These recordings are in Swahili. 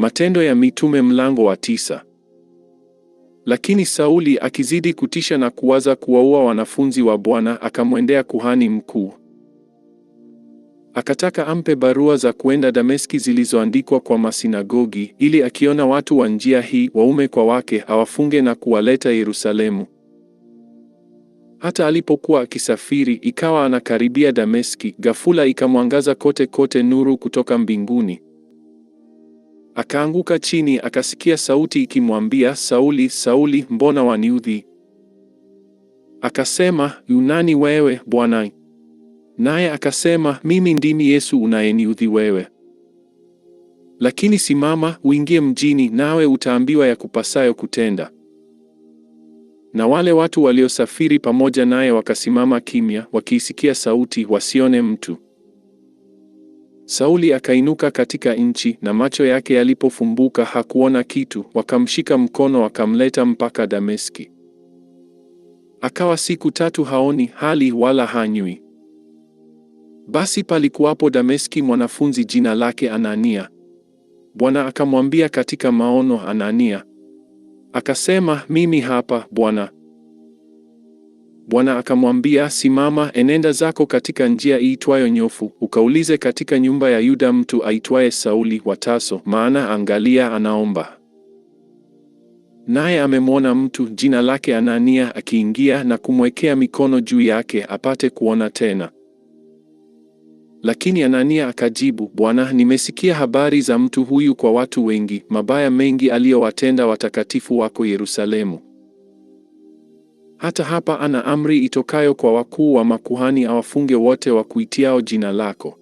Matendo ya Mitume mlango wa tisa. Lakini Sauli akizidi kutisha na kuwaza kuwaua wanafunzi wa Bwana, akamwendea kuhani mkuu. Akataka ampe barua za kuenda Dameski zilizoandikwa kwa masinagogi, ili akiona watu wa njia hii waume kwa wake awafunge na kuwaleta Yerusalemu. Hata alipokuwa akisafiri, ikawa anakaribia Dameski, ghafula ikamwangaza kote kote nuru kutoka mbinguni. Akaanguka chini akasikia sauti ikimwambia, Sauli, Sauli, mbona waniudhi? Akasema, Yunani wewe Bwana? Naye akasema, mimi ndimi Yesu unayeniudhi wewe. Lakini simama, uingie mjini, nawe utaambiwa ya kupasayo kutenda. Na wale watu waliosafiri pamoja naye wakasimama kimya, wakiisikia sauti, wasione mtu. Sauli akainuka katika nchi, na macho yake yalipofumbuka hakuona kitu. Wakamshika mkono wakamleta mpaka Dameski. Akawa siku tatu haoni hali wala hanywi. Basi palikuwapo Dameski mwanafunzi jina lake Anania. Bwana akamwambia katika maono, Anania. Akasema, mimi hapa Bwana. Bwana akamwambia, simama, enenda zako katika njia iitwayo nyofu, ukaulize katika nyumba ya Yuda mtu aitwaye Sauli wa maana angalia, anaomba naye amemwona mtu jina lake Anania akiingia na kumwekea mikono juu yake apate kuona tena. Lakini Anania akajibu, Bwana, nimesikia habari za mtu huyu kwa watu wengi, mabaya mengi aliyowatenda watakatifu wako Yerusalemu. Hata hapa ana amri itokayo kwa wakuu wa makuhani awafunge wote wa kuitiao jina lako.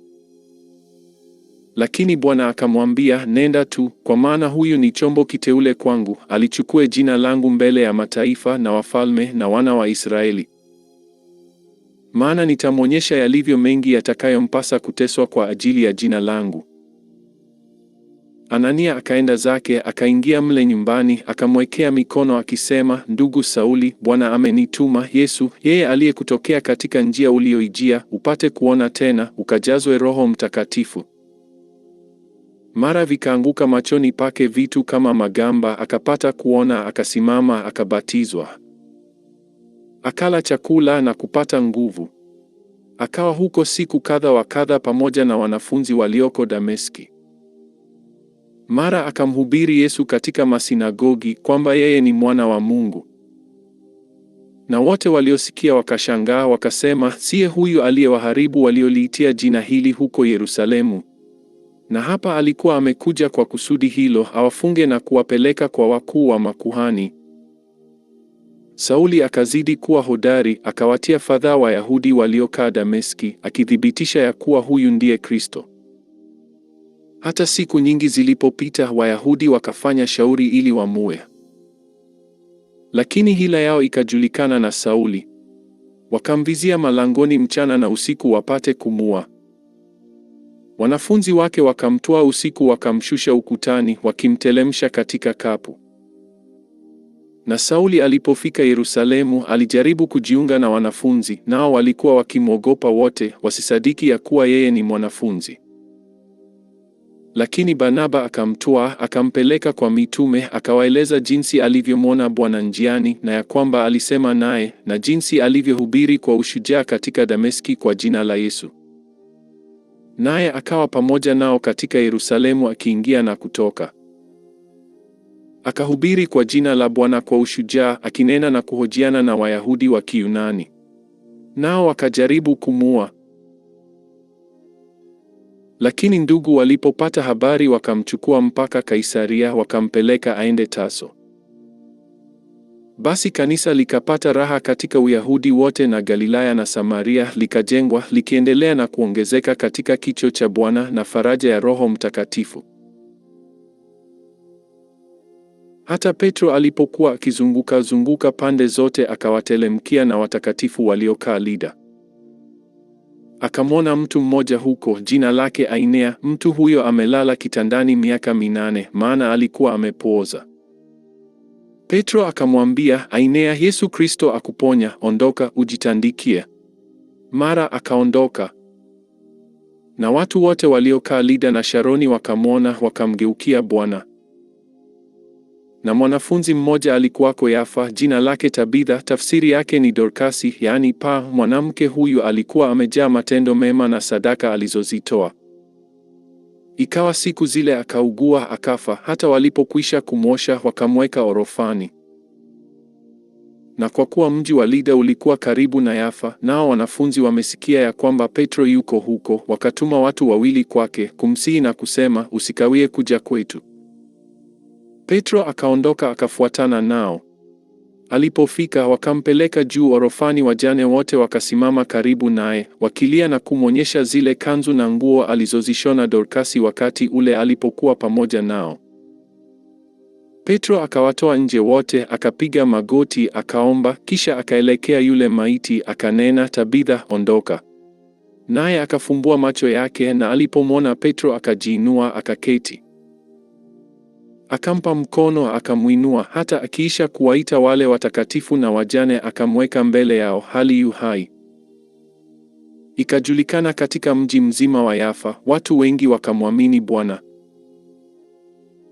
Lakini Bwana akamwambia, nenda tu, kwa maana huyu ni chombo kiteule kwangu, alichukue jina langu mbele ya mataifa na wafalme na wana wa Israeli. Maana nitamwonyesha yalivyo mengi yatakayompasa kuteswa kwa ajili ya jina langu. Anania akaenda zake akaingia mle nyumbani, akamwekea mikono akisema, ndugu Sauli, Bwana amenituma Yesu, yeye aliyekutokea katika njia uliyoijia, upate kuona tena, ukajazwe Roho Mtakatifu. Mara vikaanguka machoni pake vitu kama magamba, akapata kuona, akasimama, akabatizwa. Akala chakula na kupata nguvu. Akawa huko siku kadha wa kadha pamoja na wanafunzi walioko Dameski. Mara akamhubiri Yesu katika masinagogi kwamba yeye ni mwana wa Mungu. Na wote waliosikia wakashangaa wakasema, siye huyu aliyewaharibu walioliitia jina hili huko Yerusalemu? Na hapa alikuwa amekuja kwa kusudi hilo, awafunge na kuwapeleka kwa wakuu wa makuhani. Sauli akazidi kuwa hodari, akawatia fadhaa Wayahudi waliokaa Dameski, akithibitisha ya kuwa huyu ndiye Kristo. Hata siku nyingi zilipopita, Wayahudi wakafanya shauri ili wamue, lakini hila yao ikajulikana na Sauli. Wakamvizia malangoni mchana na usiku wapate kumua. Wanafunzi wake wakamtoa usiku, wakamshusha ukutani, wakimtelemsha katika kapu. Na Sauli alipofika Yerusalemu, alijaribu kujiunga na wanafunzi, nao walikuwa wakimwogopa wote, wasisadiki ya kuwa yeye ni mwanafunzi. Lakini Barnaba akamtwa akampeleka kwa mitume, akawaeleza jinsi alivyomwona Bwana njiani, na ya kwamba alisema naye, na jinsi alivyohubiri kwa ushujaa katika Dameski kwa jina la Yesu. Naye akawa pamoja nao katika Yerusalemu, akiingia na kutoka. Akahubiri kwa jina la Bwana kwa ushujaa, akinena na kuhojiana na Wayahudi wa Kiyunani. Nao wakajaribu kumua lakini ndugu walipopata habari wakamchukua mpaka Kaisaria wakampeleka aende taso Basi kanisa likapata raha katika Uyahudi wote na Galilaya na Samaria, likajengwa likiendelea na kuongezeka katika kicho cha Bwana na faraja ya Roho Mtakatifu. Hata Petro alipokuwa akizunguka zunguka pande zote, akawatelemkia na watakatifu waliokaa Lida akamwona mtu mmoja huko, jina lake Ainea. Mtu huyo amelala kitandani miaka minane, maana alikuwa amepooza. Petro akamwambia Ainea, Yesu Kristo akuponya, ondoka ujitandikie. Mara akaondoka. Na watu wote waliokaa Lida na Sharoni wakamwona, wakamgeukia Bwana na mwanafunzi mmoja alikuwako Yafa, jina lake Tabitha, tafsiri yake ni Dorkasi, yaani pa Mwanamke huyu alikuwa amejaa matendo mema na sadaka alizozitoa. Ikawa siku zile akaugua akafa. Hata walipokwisha kumwosha, wakamweka orofani. Na kwa kuwa mji wa Lida ulikuwa karibu na Yafa, nao wanafunzi wamesikia ya kwamba Petro yuko huko, wakatuma watu wawili kwake kumsihi na kusema, usikawie kuja kwetu. Petro akaondoka akafuatana nao. Alipofika wakampeleka juu orofani, wajane wote wakasimama karibu naye wakilia na kumwonyesha zile kanzu na nguo alizozishona Dorkasi wakati ule alipokuwa pamoja nao. Petro akawatoa nje wote, akapiga magoti, akaomba, kisha akaelekea yule maiti, akanena, Tabitha, ondoka. Naye akafumbua macho yake, na alipomwona Petro akajiinua akaketi akampa mkono, akamwinua, hata akiisha kuwaita wale watakatifu na wajane, akamweka mbele yao hali yu hai. Ikajulikana katika mji mzima wa Yafa, watu wengi wakamwamini Bwana.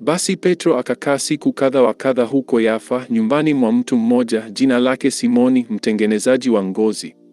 Basi Petro akakaa siku kadha wa kadha huko Yafa, nyumbani mwa mtu mmoja jina lake Simoni, mtengenezaji wa ngozi.